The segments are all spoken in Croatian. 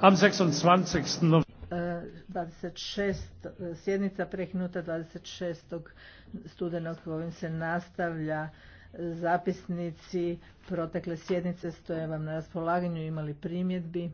am 26. 26 eh, eh, sjednica prekinuta 26. studenog ovim se nastavlja zapisnici protekle sjednice stoje vam na raspolaganju imali primjedbi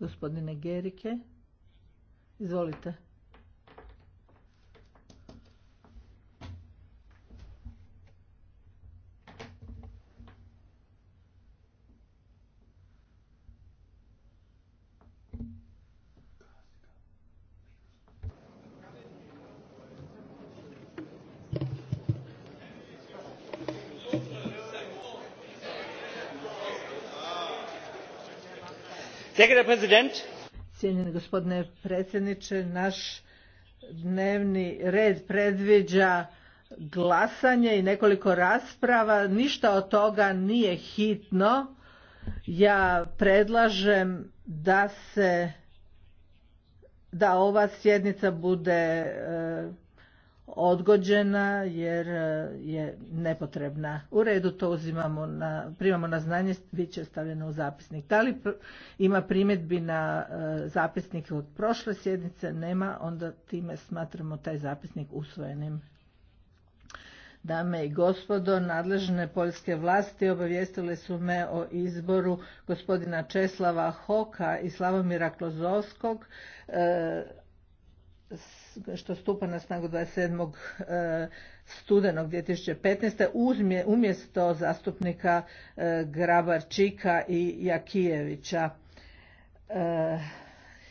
Gospodine Gerike, izvolite. Cijenjeni gospodine predsjedniče, naš dnevni red predviđa glasanje i nekoliko rasprava. Ništa od toga nije hitno. Ja predlažem da se da ova sjednica bude e, odgođena jer e, je nepotrebna. U redu to uzimamo na, primamo na znanje, bit će stavljeno u zapisnik. Da li ima primjedbi na e, zapisnik od prošle sjednice? Nema, onda time smatramo taj zapisnik usvojenim. Dame i gospodo, nadležne poljske vlasti obavijestile su me o izboru gospodina Česlava Hoka i Slavomira Klozovskog e, što stupa na snagu 27. E, studenog 2015. umjesto zastupnika e, Grabarčika i Jakijevića. E,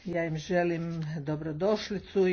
ja im želim dobrodošlicu